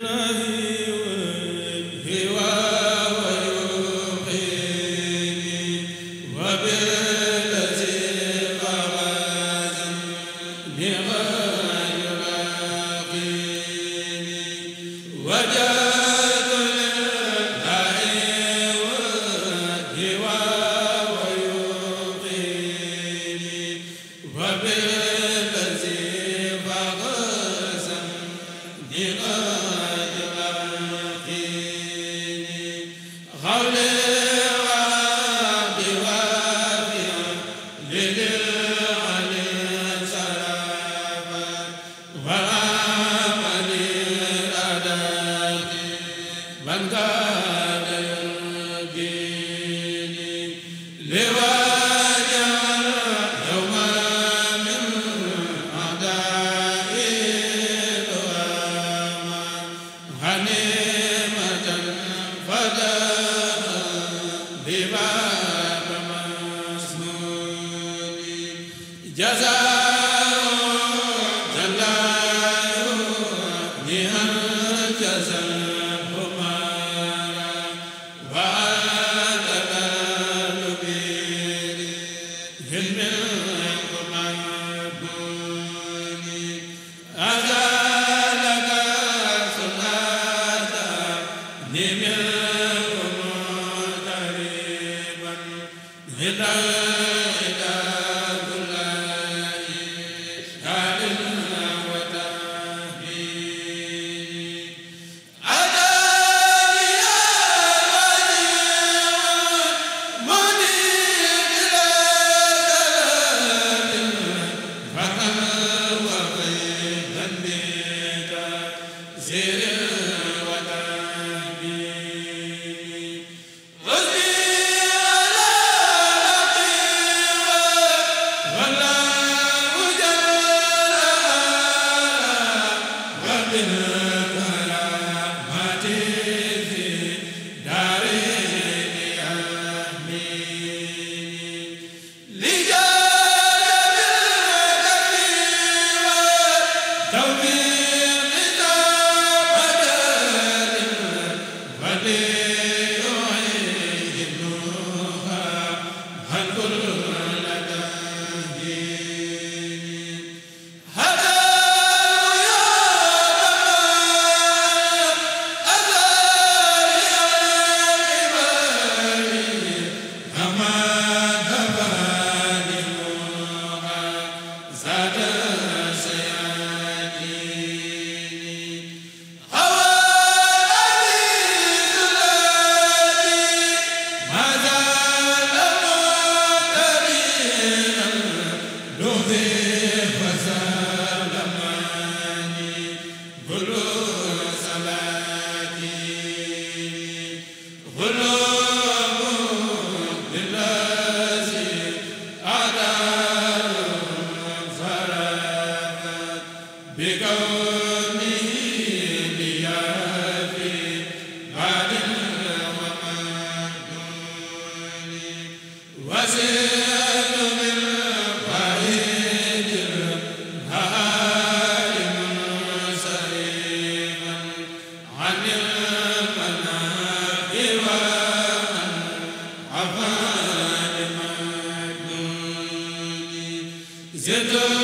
love jaza la jël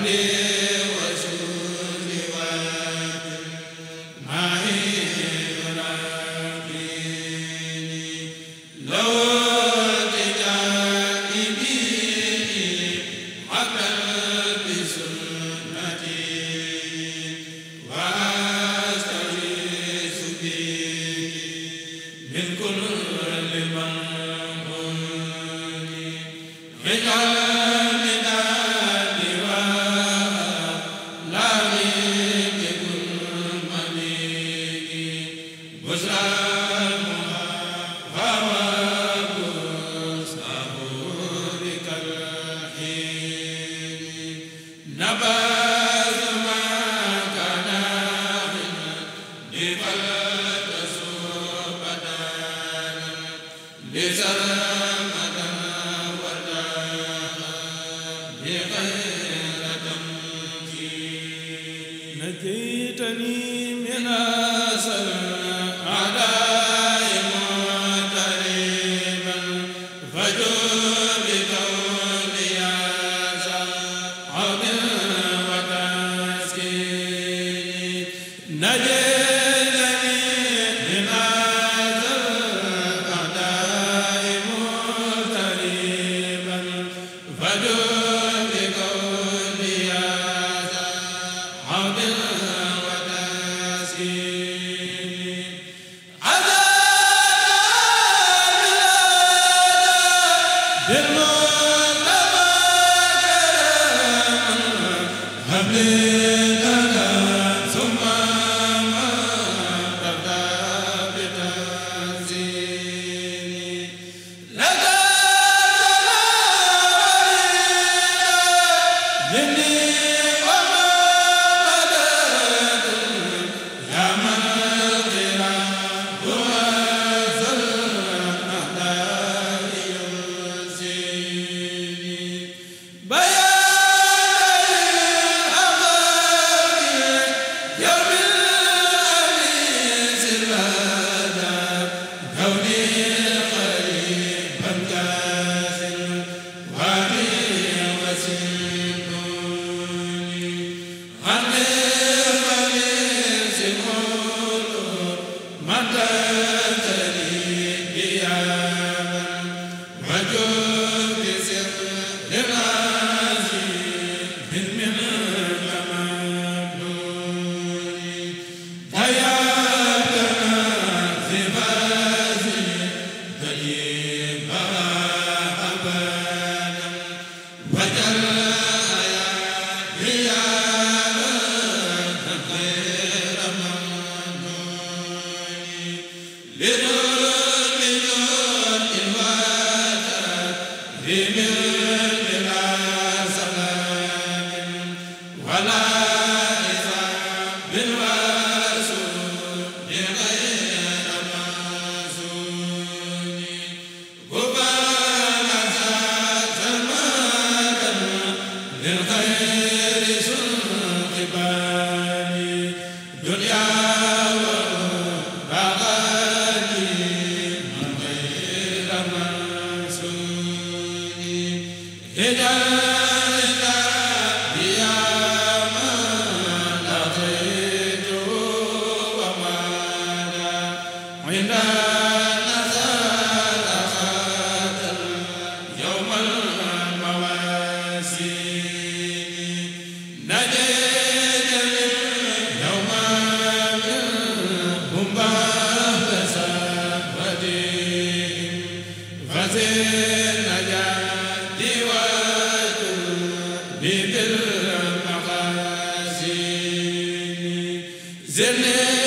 من كل لمن naba Majo zene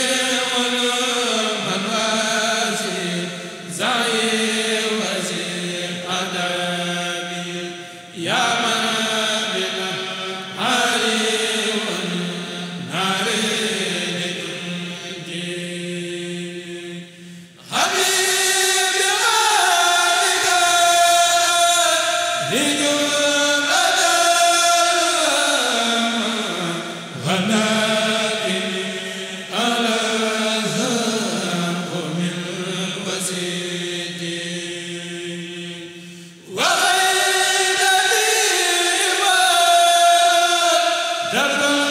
dal